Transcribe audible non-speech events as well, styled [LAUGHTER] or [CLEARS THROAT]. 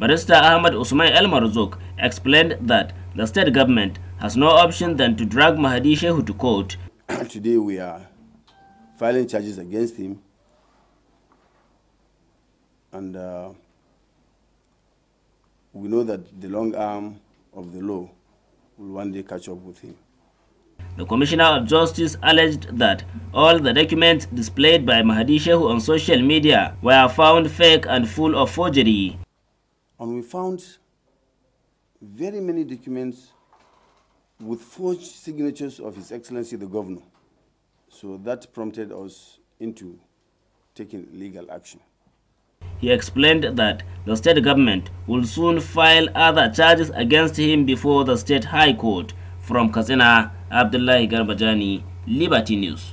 Barrister Ahmad Usman El Marzouk explained that the state government has no option than to drag Mahdi Shehu to court. [CLEARS THROAT] Today we are filing charges against him and uh, we know that the long arm of the law will one day catch up with him. The Commissioner of Justice alleged that all the documents displayed by Mahdi Shehu on social media were found fake and full of forgery and we found very many documents with forged signatures of His Excellency the Governor. So that prompted us into taking legal action. He explained that the state government will soon file other charges against him before the state high court. From Kasena, Abdullahi Garbajani, Liberty News.